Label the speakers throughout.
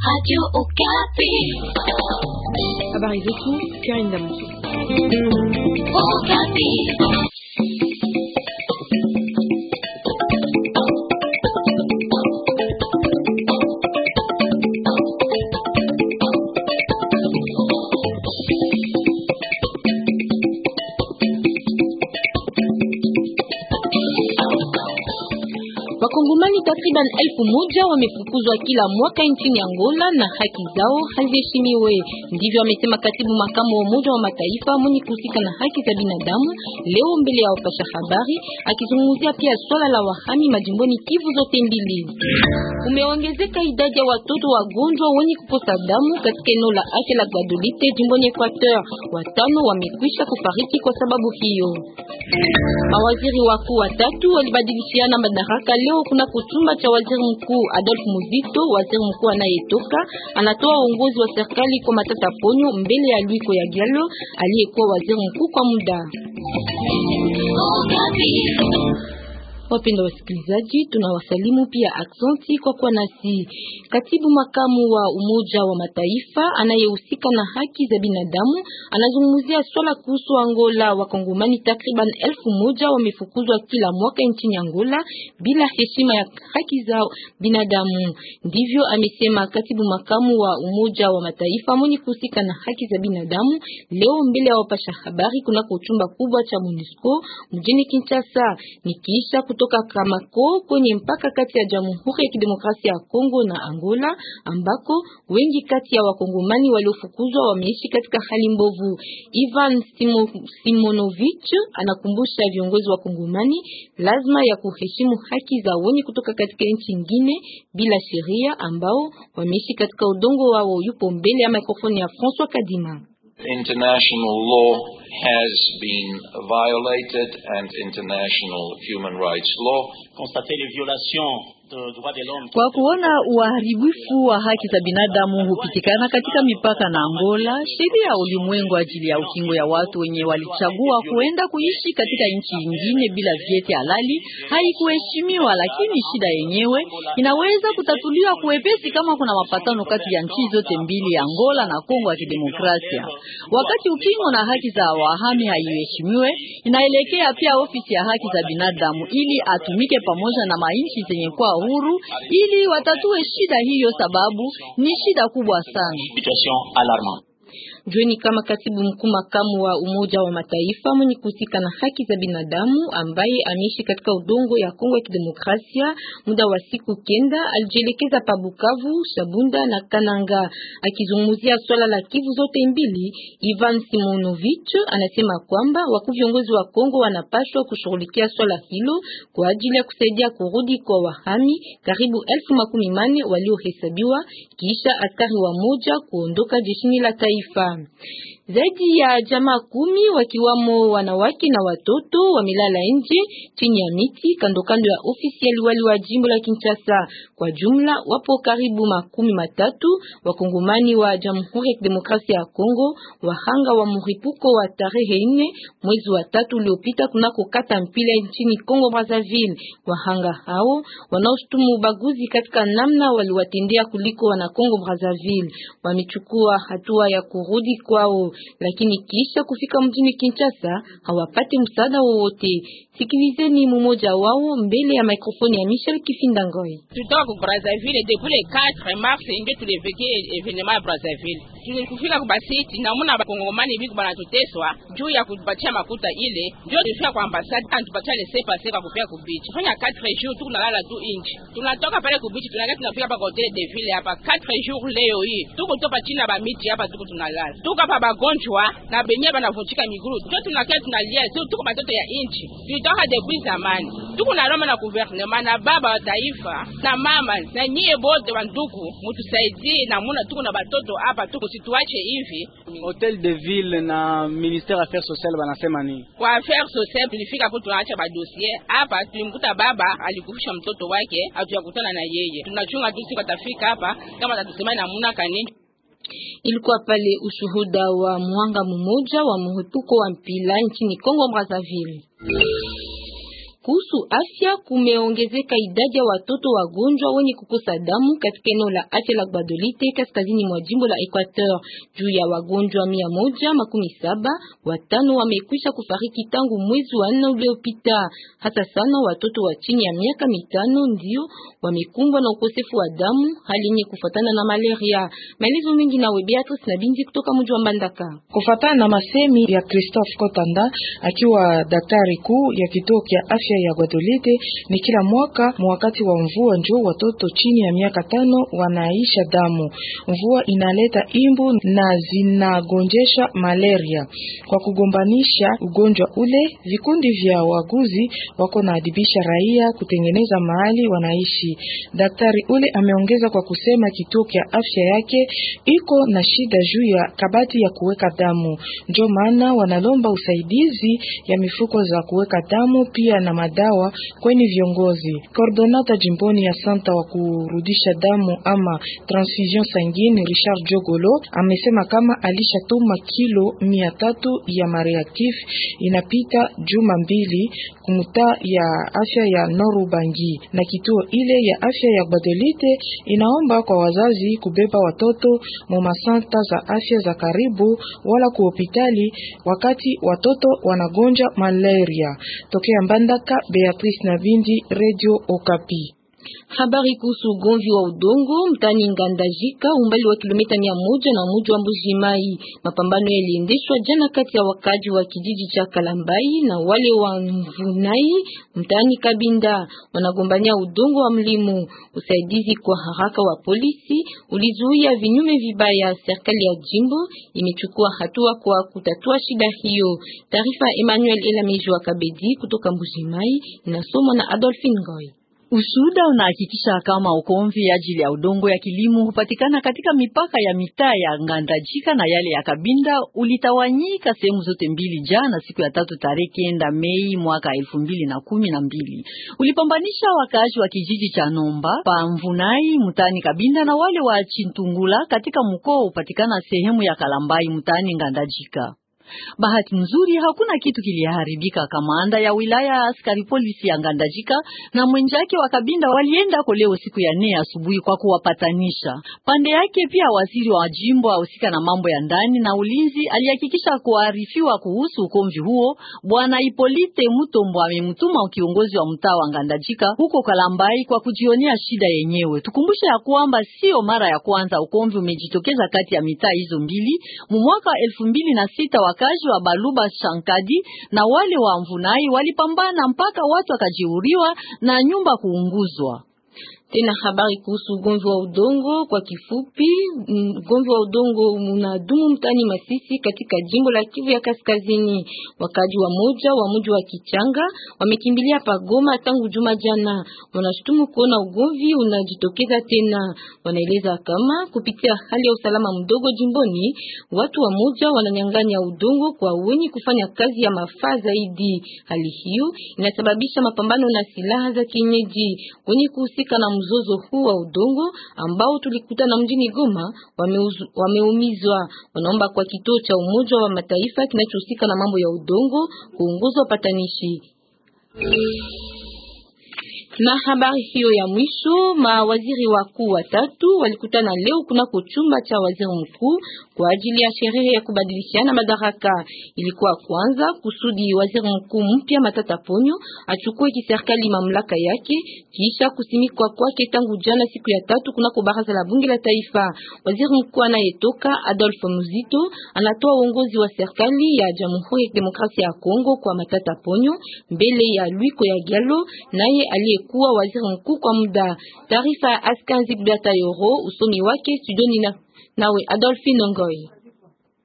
Speaker 1: Radio Okapi. Habari
Speaker 2: zetu, Karine Damoto.
Speaker 1: Okapi. takriban elfu moja wamefukuzwa kila mwaka nchini Angola na haki zao haziheshimiwe. Ndivyo amesema katibu makamu wa Umoja wa Mataifa mwenye kuhusika na haki za binadamu leo mbele ya wapasha habari, akizungumzia pia swala la wahami majimboni Kivu zote mbili. Umeongezeka idadi ya watoto wagonjwa wenye kukosa damu katika eneo la afya la Guadeloupe jimboni Equateur. Watano wamekwisha kufariki kwa sababu hiyo. Mawaziri wakuu watatu walibadilishiana madaraka leo kuna kutu chumba cha waziri mkuu Adolf Muzito, waziri mkuu anayetoka, anatoa uongozi wa serikali kwa Matata Ponyo mbele ya Luiko ya Gialo aliyekuwa waziri mkuu kwa muda. Wapenda wasikilizaji, tunawasalimu pia aksanti kwa kuwa nasi. Katibu makamu wa Umoja wa Mataifa anayehusika na haki za binadamu anazungumzia swala kuhusu Angola. Wakongomani takriban elfu moja wamefukuzwa kila mwaka nchini Angola bila heshima ya haki za binadamu, ndivyo amesema katibu makamu wa Umoja wa Mataifa mwenye kuhusika na haki za binadamu leo mbele ya wapasha habari kunako chumba kubwa cha MONUSCO mjini Kinshasa nikiisha kutoka Kamako kwenye mpaka kati ya Jamhuri ya Kidemokrasia ya Kongo na Angola, ambako wengi kati ya wakongomani waliofukuzwa wameishi katika hali mbovu. Ivan Simo, Simonovich anakumbusha viongozi wa kongomani lazima ya kuheshimu haki za wenye kutoka katika nchi nyingine bila sheria ambao wameishi katika udongo wao. Yupo mbele ya mikrofoni ya François Kadima.
Speaker 2: international law
Speaker 1: has been violated and international human rights law.
Speaker 3: Constater les violations kwa kuona uharibifu wa haki za binadamu hupitikana katika mipaka na Angola, sheria ya ulimwengu ajili ya ukingo ya watu wenye walichagua kuenda kuishi katika nchi nyingine bila vyeti halali haikuheshimiwa, lakini shida yenyewe inaweza kutatuliwa kuwepesi kama kuna mapatano kati ya nchi zote mbili, Angola na Kongo ya Kidemokrasia. Wakati ukingo na haki za wahami haiheshimiwe, inaelekea pia ofisi ya haki za binadamu ili atumike pamoja na mainchi zenye kwao huru ili watatue shida hiyo, sababu ni shida kubwa sana. Jueni kama katibu mkuu makamu wa
Speaker 1: Umoja wa Mataifa mwenye kuhusika na haki za binadamu ambaye ameishi katika udongo ya Kongo ya Kidemokrasia muda wa siku kenda alijielekeza pa Bukavu, Shabunda na Kananga akizungumzia swala la Kivu zote mbili. Ivan Simonovich anasema kwamba wakuu viongozi wa Kongo wanapaswa kushughulikia swala hilo kwa ajili ya kusaidia kurudi kwa wahami karibu elfu makumi mane waliohesabiwa kisha askari wa moja kuondoka jeshini la taifa. done Zaidi ya jamaa kumi wakiwamo wanawake na watoto wamelala nje chini ya miti kando kando ya ofisi ya liwali wa jimbo la Kinshasa. Kwa jumla wapo karibu makumi matatu wakongomani wa Jamhuri ya Demokrasia ya Kongo, wahanga wa mripuko wa tarehe nne mwezi wa tatu uliopita kunako kata Mpila nchini Kongo Brazzaville. Wahanga hao wanaoshtumu ubaguzi katika namna waliwatendea kuliko wana Kongo Brazzaville wamechukua hatua ya kurudi kwao lakini kisha kufika mjini Kinshasa hawapati msaada wowote. Sikilizeni mmoja wao mbele ya mikrofoni ya Michel Kifindangoi. Tutoka Brazzaville depuis le 4 mars ndio tuliviki evenement ya Brazzaville. Tulikufika kwa basiti na muna bakongomani biku banatuteswa juu ya kutupatia makuta ile, ndio tulifika kwa ambasadi anatupatia le sepa sepa kupia kubichi. Fanya 4 jours tu tunalala tu inchi. Tunatoka pale kubichi tunaenda tunafika pa hotel de ville hapa 4 jours leo hii. Tuko topa chini ba miti hapa tuko tunalala. Tuko hapa magonjwa na benye banavunjika miguru. Njo tunakia tunalia, sio tuko batoto ya inchi, tulitoka depuis zamani, tuko na roma na guvernema na baba wa taifa na mama na nyie bote wa ndugu, mutusaidie na tuko na batoto hapa, tuko situache hivi.
Speaker 3: Hotel de ville na ministere affaires sociales banasema nini
Speaker 1: kwa affaires sociales? Tulifika po tunaacha badosie hapa, tulimkuta baba alikufisha mtoto wake, hatujakutana na yeye. Tunachunga tu siku atafika hapa, kama atatusema namuna kanini Ilikuwa pale ushuhuda wa mwanga mmoja wa mhutuko wa mpila nchini Kongo Brazzaville kuhusu afya, kumeongezeka idadi ya watoto wagonjwa wenye kukosa damu katika eneo la afya la Gbadolite kaskazini mwa jimbo la Equateur. Juu ya wagonjwa mia moja makumi saba, watano wamekwisha kufariki tangu mwezi wa nne uliopita. Hata sana watoto wa chini ya miaka mitano ndio wamekumbwa na ukosefu wa damu, hali yenye kufuatana na malaria. Maelezo mengi na Beatrice na Bindi kutoka mji wa Mbandaka.
Speaker 2: Kufuatana na masemi ya Christophe Kotanda akiwa daktari kuu ya kituo cha afya ya Guadolide ni kila mwaka mwakati wa mvua njo watoto chini ya miaka tano wanaisha damu. Mvua inaleta imbu na zinagonjesha malaria. Kwa kugombanisha ugonjwa ule, vikundi vya waguzi wako naadibisha raia kutengeneza mahali wanaishi. Daktari ule ameongeza kwa kusema kituo kya afya yake iko na shida juu ya kabati ya kuweka damu, njo maana wanalomba usaidizi ya mifuko za kuweka damu pia na madawa kweni viongozi. kordonata jimboni ya santa wa kurudisha damu ama transfusion sanguine Richard Jogolo amesema kama alishatuma kilo mia tatu ya mareaktif inapita juma mbili kumutaa ya afya ya Norubangi na kituo ile ya afya ya Badelite inaomba kwa wazazi kubeba watoto mumasanta za afya za karibu wala kuhopitali wakati watoto wanagonja malaria tokea mbanda Baraka Beatrice Navindi, Radio Okapi.
Speaker 1: Habari kuhusu ugomvi wa udongo mtani Ngandajika umbali wa kilomita mia moja na mji wa Mbujimai. Mapambano yaliendeshwa jana kati ya wakaji wa kijiji cha Kalambai na wale wa Mvunai mtani Kabinda, wanagombania udongo wa mlimo. Usaidizi kwa haraka wa polisi ulizuia vinyume vibaya. Serikali ya jimbo imechukua hatua kwa kutatua shida hiyo.
Speaker 3: Taarifa Emmanuel wa Kabedi kutoka Mbujimai inasomwa na Adolphine goy Ushuhuda unahakikisha kama ukomvi ajili ya udongo ya kilimo hupatikana katika mipaka ya mitaa ya Ngandajika na yale ya Kabinda ulitawanyika sehemu zote mbili jana siku ya tatu tarehe kenda Mei mwaka elfu mbili na kumi na mbili. Ulipambanisha wakaaji wa kijiji cha Nomba Pamvunai mtaani Kabinda na wale wa Chintungula katika mkoa upatikana sehemu ya Kalambai mtaani Ngandajika. Bahati nzuri hakuna kitu kiliharibika. Kamanda ya wilaya ya askari polisi ya Ngandajika na mwenzake wa Kabinda walienda leo siku ya nne asubuhi kwa kuwapatanisha. Pande yake pia waziri wa jimbo ahusika na mambo ya ndani na ulinzi alihakikisha kuarifiwa kuhusu ukomvi huo. Bwana Ipolite Mutombo amemtuma ukiongozi wa mtaa wa Ngandajika huko Kalambai kwa kujionea shida yenyewe. Tukumbushe ya kwamba sio mara ya kwanza ukomvi umejitokeza kati ya mitaa hizo mbili. Mu mwaka elfu mbili na sita wa Wakazi wa Baluba Shankadi na wale wa Mvunai walipambana mpaka watu wakajiuriwa na nyumba kuunguzwa. Tena habari kuhusu ugonjwa wa udongo kwa kifupi.
Speaker 1: ugonjwa wa udongo unadumu mtani Masisi katika jimbo la Kivu ya Kaskazini. Wakaji wa moja wa mji wa Kichanga wamekimbilia Pagoma tangu juma jana, wanashutumu kuona ugomvi unajitokeza tena. Wanaeleza kama kupitia hali ya usalama mdogo jimboni, watu wa moja wananyang'anya udongo kwa wenye kufanya kazi ya mafaa zaidi. Hali hiyo inasababisha mapambano na silaha za kienyeji wenye kuhusika na mzozo huu wa udongo ambao tulikutana mjini Goma wameumizwa. Wanaomba kwa kituo cha Umoja wa Mataifa kinachohusika na mambo ya udongo kuongoza upatanishi. Na habari hiyo ya mwisho, mawaziri wakuu watatu walikutana leo kuna kuchumba cha waziri mkuu kwa ajili ya sherehe ya kubadilishana madaraka. Ilikuwa kwanza kusudi waziri mkuu mpya Matata Ponyo achukue kiserikali mamlaka yake kisha kusimikwa kwake tangu jana siku ya tatu kunako baraza la bunge la taifa. Waziri mkuu anayetoka Adolphe Muzito anatoa uongozi wa serikali ya Jamhuri ya Demokrasia ya Kongo kwa Matata Ponyo mbele ya Luiko ya Gallo naye aliye aliyekuwa waziri mkuu kwa muda. Taarifa ya Askanzi Biata Yoro, usomi wake studioni nawe Adolphine Ngoi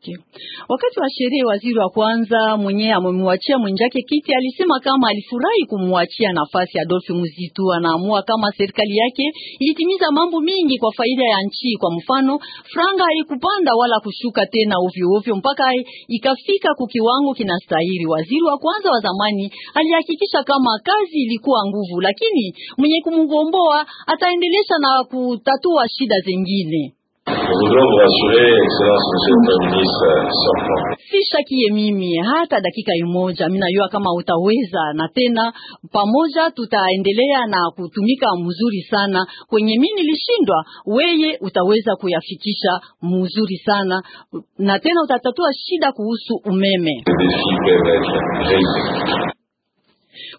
Speaker 3: wake. Wakati wa sherehe, waziri wa kwanza mwenye amemwachia mwenzake kiti alisema kama alifurahi kumwachia nafasi Adolphe Muzitu. Anaamua kama serikali yake ilitimiza mambo mingi kwa faida ya nchi. Kwa mfano, franga haikupanda wala kushuka tena ovyo ovyo mpaka ikafika ku kiwango kinastahili. Waziri wa kwanza wa zamani alihakikisha kama kazi ilikuwa nguvu, lakini mwenye kumgomboa ataendelesha na kutatua shida zingine si shaki mimi hata dakika imoja minayua kama utaweza, na tena pamoja tutaendelea na kutumika mzuri sana kwenye mini nilishindwa, weye utaweza kuyafikisha mzuri sana, na tena utatatua shida kuhusu umeme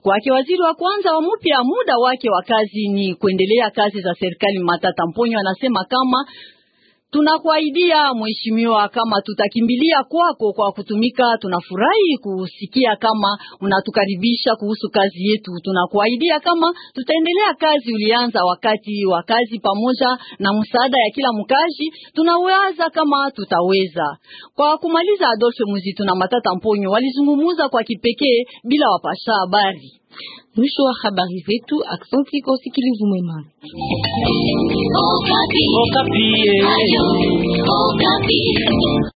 Speaker 3: kwake waziri wa kwanza wa mpya muda wake wa kazi ni kuendelea kazi za serikali. Matata Mponyo anasema kama Tunakuahidia mheshimiwa, kama tutakimbilia kwako kwa kutumika. Tunafurahi kusikia kama unatukaribisha kuhusu kazi yetu. Tunakuahidia kama tutaendelea kazi ulianza wakati wa kazi, pamoja na msaada ya kila mkazi, tunawaza kama tutaweza. Kwa kumaliza, Adolphe Muzitu na Matata Mponyo walizungumuza kwa kipekee bila wapasha habari. Mwisho wa habari zetu. Aksanti kwa usikilivu mwema.